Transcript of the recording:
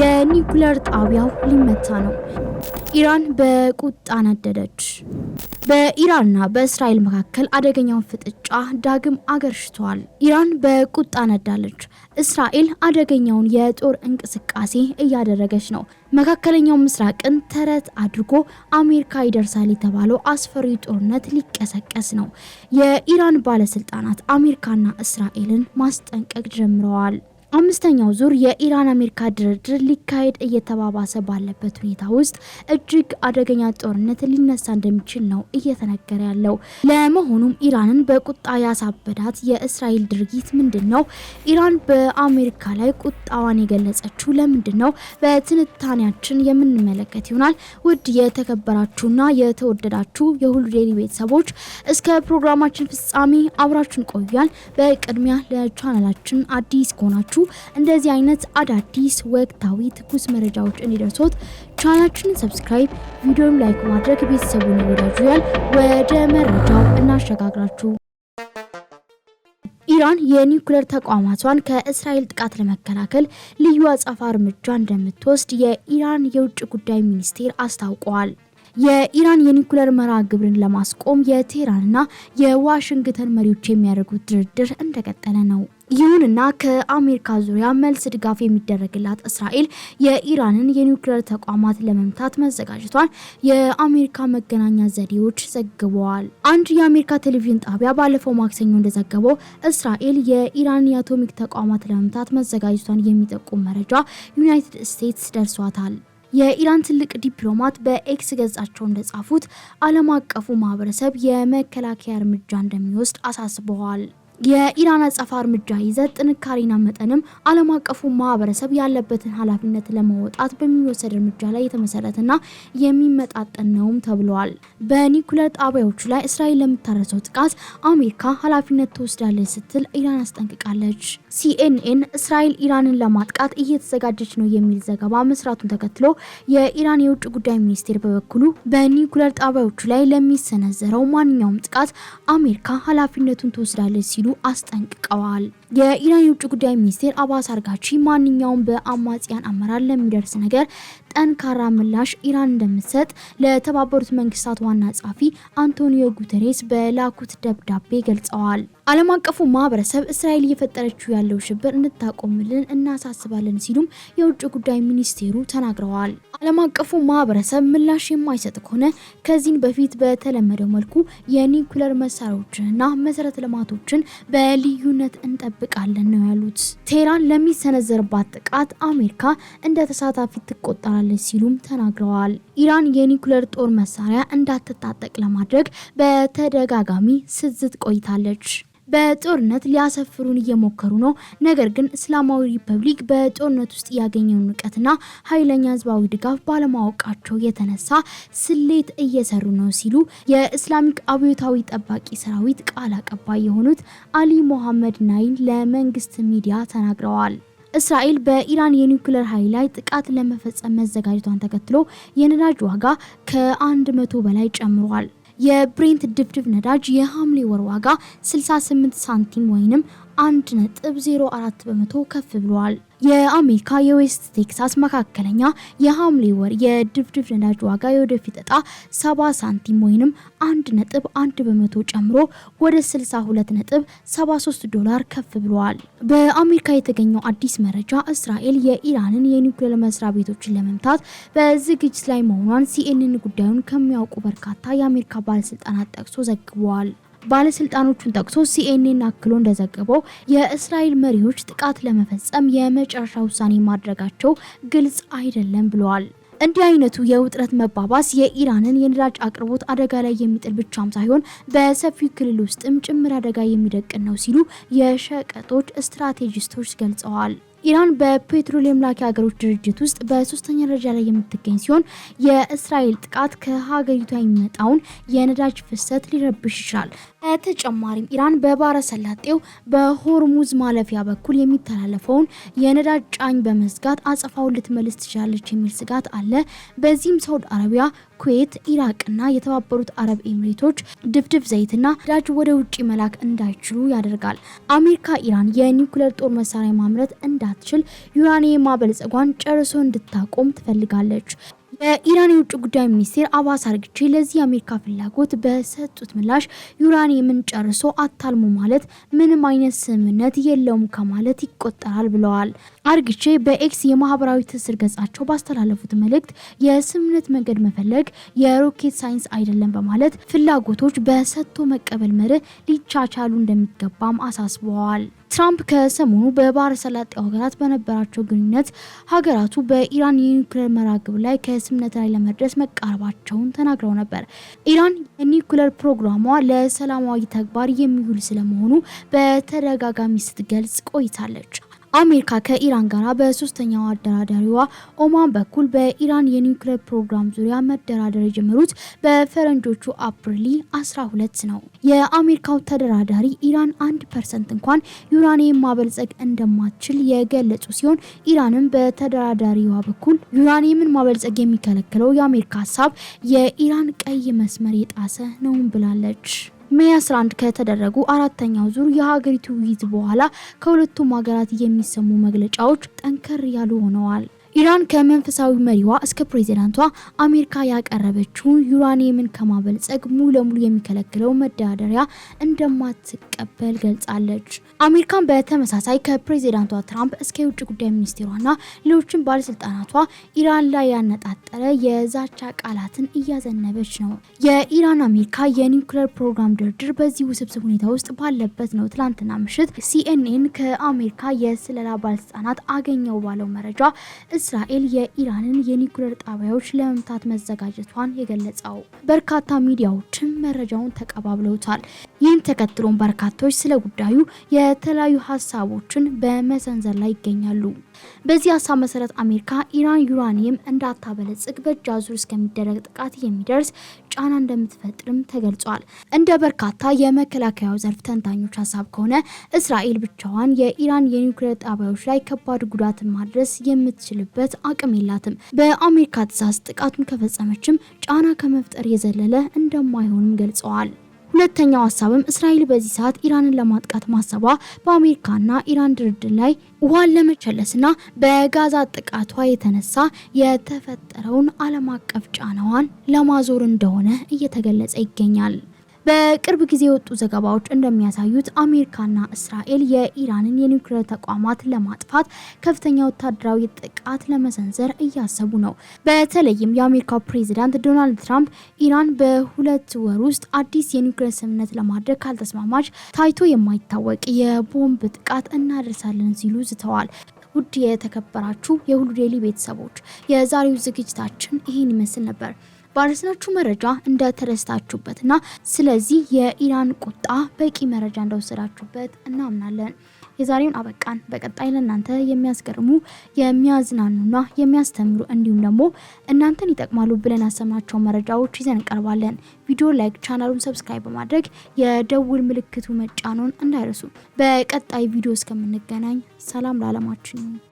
የኒውክሌር ጣቢያው ሊመታ ነው። ኢራን በቁጣ ነደደች። በኢራንና በእስራኤል መካከል አደገኛውን ፍጥጫ ዳግም አገርሽተዋል። ኢራን በቁጣ ነዳለች። እስራኤል አደገኛውን የጦር እንቅስቃሴ እያደረገች ነው። መካከለኛው ምስራቅን ተረት አድርጎ አሜሪካ ይደርሳል የተባለው አስፈሪ ጦርነት ሊቀሰቀስ ነው። የኢራን ባለስልጣናት አሜሪካና እስራኤልን ማስጠንቀቅ ጀምረዋል። አምስተኛው ዙር የኢራን አሜሪካ ድርድር ሊካሄድ እየተባባሰ ባለበት ሁኔታ ውስጥ እጅግ አደገኛ ጦርነት ሊነሳ እንደሚችል ነው እየተነገረ ያለው። ለመሆኑም ኢራንን በቁጣ ያሳበዳት የእስራኤል ድርጊት ምንድን ነው? ኢራን በአሜሪካ ላይ ቁጣዋን የገለጸችው ለምንድን ነው? በትንታኔያችን የምንመለከት ይሆናል። ውድ የተከበራችሁና የተወደዳችሁ የሁሉ ዴይሊ ቤተሰቦች እስከ ፕሮግራማችን ፍጻሜ አብራችን ቆያል። በቅድሚያ ለቻናላችን አዲስ ከሆናችሁ እንደዚህ አይነት አዳዲስ ወቅታዊ ትኩስ መረጃዎች እንዲደርሶት ቻናችንን ሰብስክራይብ፣ ቪዲዮን ላይክ ማድረግ ቤተሰቡን ይወዳጁ። ያል ወደ መረጃው እናሸጋግራችሁ። ኢራን የኒውክሌር ተቋማቷን ከእስራኤል ጥቃት ለመከላከል ልዩ አጸፋ እርምጃ እንደምትወስድ የኢራን የውጭ ጉዳይ ሚኒስቴር አስታውቋል። የኢራን የኒውክሌር መርሃ ግብርን ለማስቆም የቴህራንና የዋሽንግተን መሪዎች የሚያደርጉት ድርድር እንደቀጠለ ነው። ይሁንና ከአሜሪካ ዙሪያ መልስ ድጋፍ የሚደረግላት እስራኤል የኢራንን የኒውክሌር ተቋማት ለመምታት መዘጋጀቷን የአሜሪካ መገናኛ ዘዴዎች ዘግበዋል። አንድ የአሜሪካ ቴሌቪዥን ጣቢያ ባለፈው ማክሰኞ እንደዘገበው እስራኤል የኢራን የአቶሚክ ተቋማት ለመምታት መዘጋጀቷን የሚጠቁም መረጃ ዩናይትድ ስቴትስ ደርሷታል። የኢራን ትልቅ ዲፕሎማት በኤክስ ገጻቸው እንደጻፉት ዓለም አቀፉ ማህበረሰብ የመከላከያ እርምጃ እንደሚወስድ አሳስበዋል። የኢራን አጸፋ እርምጃ ይዘት ጥንካሬና መጠንም ዓለም አቀፉ ማህበረሰብ ያለበትን ኃላፊነት ለመወጣት በሚወሰድ እርምጃ ላይ የተመሰረተና የሚመጣጠን ነውም ተብለዋል። በኒኩለር ጣቢያዎቹ ላይ እስራኤል ለምታደርሰው ጥቃት አሜሪካ ኃላፊነት ትወስዳለች ስትል ኢራን አስጠንቅቃለች። ሲኤንኤን እስራኤል ኢራንን ለማጥቃት እየተዘጋጀች ነው የሚል ዘገባ መስራቱን ተከትሎ የኢራን የውጭ ጉዳይ ሚኒስቴር በበኩሉ በኒኩለር ጣቢያዎቹ ላይ ለሚሰነዘረው ማንኛውም ጥቃት አሜሪካ ኃላፊነቱን ትወስዳለች ሲሉ አስጠንቅቀዋል። የኢራን የውጭ ጉዳይ ሚኒስቴር አባስ አርጋቺ ማንኛውም በአማጽያን አመራር ለሚደርስ ነገር ጠንካራ ምላሽ ኢራን እንደምትሰጥ ለተባበሩት መንግስታት ዋና ጸሐፊ አንቶኒዮ ጉተሬስ በላኩት ደብዳቤ ገልጸዋል። ዓለም አቀፉ ማህበረሰብ እስራኤል እየፈጠረችው ያለው ሽብር እንድታቆምልን እናሳስባለን ሲሉም የውጭ ጉዳይ ሚኒስቴሩ ተናግረዋል። ዓለም አቀፉ ማህበረሰብ ምላሽ የማይሰጥ ከሆነ ከዚህን በፊት በተለመደው መልኩ የኒውክለር መሳሪያዎችንና መሰረተ ልማቶችን በልዩነት እንጠብቃለን ነው ያሉት። ቴህራን ለሚሰነዘርባት ጥቃት አሜሪካ እንደ ተሳታፊ ትቆጠራል ትችላለች ሲሉም ተናግረዋል። ኢራን የኒውክሌር ጦር መሳሪያ እንዳትታጠቅ ለማድረግ በተደጋጋሚ ስዝት ቆይታለች። በጦርነት ሊያሰፍሩን እየሞከሩ ነው። ነገር ግን እስላማዊ ሪፐብሊክ በጦርነት ውስጥ ያገኘውን እውቀትና ኃይለኛ ህዝባዊ ድጋፍ ባለማወቃቸው የተነሳ ስሌት እየሰሩ ነው ሲሉ የእስላሚክ አብዮታዊ ጠባቂ ሰራዊት ቃል አቀባይ የሆኑት አሊ ሞሐመድ ናይን ለመንግስት ሚዲያ ተናግረዋል። እስራኤል በኢራን የኒውክሌር ኃይል ላይ ጥቃት ለመፈጸም መዘጋጀቷን ተከትሎ የነዳጅ ዋጋ ከ100 በላይ ጨምሯል። የብሬንት ድፍድፍ ነዳጅ የሐምሌ ወር ዋጋ 68 ሳንቲም ወይም አንድ ነጥብ 04 በመቶ ከፍ ብሏል። የአሜሪካ የዌስት ቴክሳስ መካከለኛ የሐምሌ ወር የድፍድፍ ነዳጅ ዋጋ የወደፊት እጣ 70 ሳንቲም ወይም 1 ነጥብ 1 በመቶ ጨምሮ ወደ 62 ነጥብ 73 ዶላር ከፍ ብሏል። በአሜሪካ የተገኘው አዲስ መረጃ እስራኤል የኢራንን የኒውክሌር መስሪያ ቤቶችን ለመምታት በዝግጅት ላይ መሆኗን ሲኤንን ጉዳዩን ከሚያውቁ በርካታ የአሜሪካ ባለስልጣናት ጠቅሶ ዘግቧል። ባለስልጣኖቹን ጠቅሶ ሲኤንኤን አክሎ እንደዘገበው የእስራኤል መሪዎች ጥቃት ለመፈጸም የመጨረሻ ውሳኔ ማድረጋቸው ግልጽ አይደለም ብለዋል። እንዲህ አይነቱ የውጥረት መባባስ የኢራንን የነዳጅ አቅርቦት አደጋ ላይ የሚጥል ብቻም ሳይሆን በሰፊው ክልል ውስጥም ጭምር አደጋ የሚደቅን ነው ሲሉ የሸቀጦች ስትራቴጂስቶች ገልጸዋል። ኢራን በፔትሮሊየም ላኪ ሀገሮች ድርጅት ውስጥ በሶስተኛ ደረጃ ላይ የምትገኝ ሲሆን የእስራኤል ጥቃት ከሀገሪቷ የሚመጣውን የነዳጅ ፍሰት ሊረብሽ ይችላል። በተጨማሪም ኢራን በባረሰላጤው ሰላጤው በሆርሙዝ ማለፊያ በኩል የሚተላለፈውን የነዳጅ ጫኝ በመዝጋት አጸፋውን ልትመልስ ትችላለች የሚል ስጋት አለ። በዚህም ሳውዲ አረቢያ፣ ኩዌት፣ ኢራቅና የተባበሩት አረብ ኤሚሬቶች ድፍድፍ ዘይትና ነዳጅ ወደ ውጭ መላክ እንዳይችሉ ያደርጋል። አሜሪካ ኢራን የኒውክሌር ጦር መሳሪያ ማምረት እንዳትችል ዩራኒየም ማበልጸጓን ጨርሶ እንድታቆም ትፈልጋለች። የኢራን የውጭ ጉዳይ ሚኒስቴር አባስ አርግቼ ለዚህ የአሜሪካ ፍላጎት በሰጡት ምላሽ ዩራኒየምን ጨርሶ አታልሙ ማለት ምንም አይነት ስምምነት የለውም ከማለት ይቆጠራል ብለዋል። አርግቼ በኤክስ የማህበራዊ ትስስር ገጻቸው ባስተላለፉት መልእክት የስምምነት መንገድ መፈለግ የሮኬት ሳይንስ አይደለም በማለት ፍላጎቶች በሰጥቶ መቀበል መርህ ሊቻቻሉ እንደሚገባም አሳስበዋል። ትራምፕ ከሰሞኑ በባህረ ሰላጤው ሀገራት በነበራቸው ግንኙነት ሀገራቱ በኢራን የኒውክሌር መራግብ ላይ ከስምነት ላይ ለመድረስ መቃረባቸውን ተናግረው ነበር። ኢራን የኒውክሌር ፕሮግራሟ ለሰላማዊ ተግባር የሚውል ስለመሆኑ በተደጋጋሚ ስትገልጽ ቆይታለች። አሜሪካ ከኢራን ጋር በሶስተኛው አደራዳሪዋ ኦማን በኩል በኢራን የኒውክሌር ፕሮግራም ዙሪያ መደራደር የጀመሩት በፈረንጆቹ አፕሪል 12 ነው። የአሜሪካው ተደራዳሪ ኢራን አንድ ፐርሰንት እንኳን ዩራኒየም ማበልጸግ እንደማትችል የገለጹ ሲሆን ኢራንም በተደራዳሪዋ በኩል ዩራኒየምን ማበልጸግ የሚከለክለው የአሜሪካ ሀሳብ የኢራን ቀይ መስመር የጣሰ ነውም ብላለች። ሜይ 11 ከተደረጉ አራተኛው ዙር የሀገሪቱ ውይይት በኋላ ከሁለቱም ሀገራት የሚሰሙ መግለጫዎች ጠንከር ያሉ ሆነዋል። ኢራን ከመንፈሳዊ መሪዋ እስከ ፕሬዚዳንቷ አሜሪካ ያቀረበችውን ዩራኒየምን ከማበልጸግ ሙሉ ለሙሉ የሚከለክለው መደራደሪያ እንደማትቀበል ገልጻለች። አሜሪካን በተመሳሳይ ከፕሬዚዳንቷ ትራምፕ እስከ የውጭ ጉዳይ ሚኒስቴሯና ሌሎችን ባለስልጣናቷ ኢራን ላይ ያነጣጠረ የዛቻ ቃላትን እያዘነበች ነው። የኢራን አሜሪካ የኒውክሌር ፕሮግራም ድርድር በዚህ ውስብስብ ሁኔታ ውስጥ ባለበት ነው። ትላንትና ምሽት ሲኤንኤን ከአሜሪካ የስለላ ባለስልጣናት አገኘው ባለው መረጃ እስራኤል የኢራንን የኒውክሌር ጣቢያዎች ለመምታት መዘጋጀቷን የገለጸው። በርካታ ሚዲያዎችም መረጃውን ተቀባብለውታል። ይህን ተከትሎም በርካቶች ስለ ጉዳዩ የተለያዩ ሀሳቦችን በመሰንዘር ላይ ይገኛሉ። በዚህ ሀሳብ መሰረት አሜሪካ ኢራን ዩራኒየም እንዳታበለጽግ በእጅ አዙር እስከሚደረግ ጥቃት የሚደርስ ጫና እንደምትፈጥርም ተገልጿል። እንደ በርካታ የመከላከያው ዘርፍ ተንታኞች ሀሳብ ከሆነ እስራኤል ብቻዋን የኢራን የኒውክሌር ጣቢያዎች ላይ ከባድ ጉዳትን ማድረስ የምትችልበት አቅም የላትም። በአሜሪካ ትዕዛዝ ጥቃቱን ከፈጸመችም ጫና ከመፍጠር የዘለለ እንደማይሆንም ገልጸዋል። ሁለተኛው ሀሳብም እስራኤል በዚህ ሰዓት ኢራንን ለማጥቃት ማሰቧ በአሜሪካና ኢራን ድርድር ላይ ውሃን ለመቸለስና በጋዛ ጥቃቷ የተነሳ የተፈጠረውን ዓለም አቀፍ ጫናዋን ለማዞር እንደሆነ እየተገለጸ ይገኛል። በቅርብ ጊዜ የወጡ ዘገባዎች እንደሚያሳዩት አሜሪካና እስራኤል የኢራንን የኒውክሌር ተቋማት ለማጥፋት ከፍተኛ ወታደራዊ ጥቃት ለመሰንዘር እያሰቡ ነው። በተለይም የአሜሪካው ፕሬዚዳንት ዶናልድ ትራምፕ ኢራን በሁለት ወር ውስጥ አዲስ የኒውክሌር ስምምነት ለማድረግ ካልተስማማች ታይቶ የማይታወቅ የቦምብ ጥቃት እናደርሳለን ሲሉ ዝተዋል። ውድ የተከበራችሁ የሁሉ ዴይሊ ቤተሰቦች የዛሬው ዝግጅታችን ይህን ይመስል ነበር። ባረስናችሁ መረጃ እንደተደስታችሁበትና ስለዚህ የኢራን ቁጣ በቂ መረጃ እንደወሰዳችሁበት እናምናለን። የዛሬውን አበቃን። በቀጣይ ለእናንተ የሚያስገርሙ የሚያዝናኑና የሚያስተምሩ እንዲሁም ደግሞ እናንተን ይጠቅማሉ ብለን ያሰማቸው መረጃዎች ይዘን እንቀርባለን። ቪዲዮ ላይክ፣ ቻናሉን ሰብስክራይብ በማድረግ የደውል ምልክቱ መጫኖን እንዳይረሱ። በቀጣይ ቪዲዮ እስከምንገናኝ ሰላም ለዓለማችን።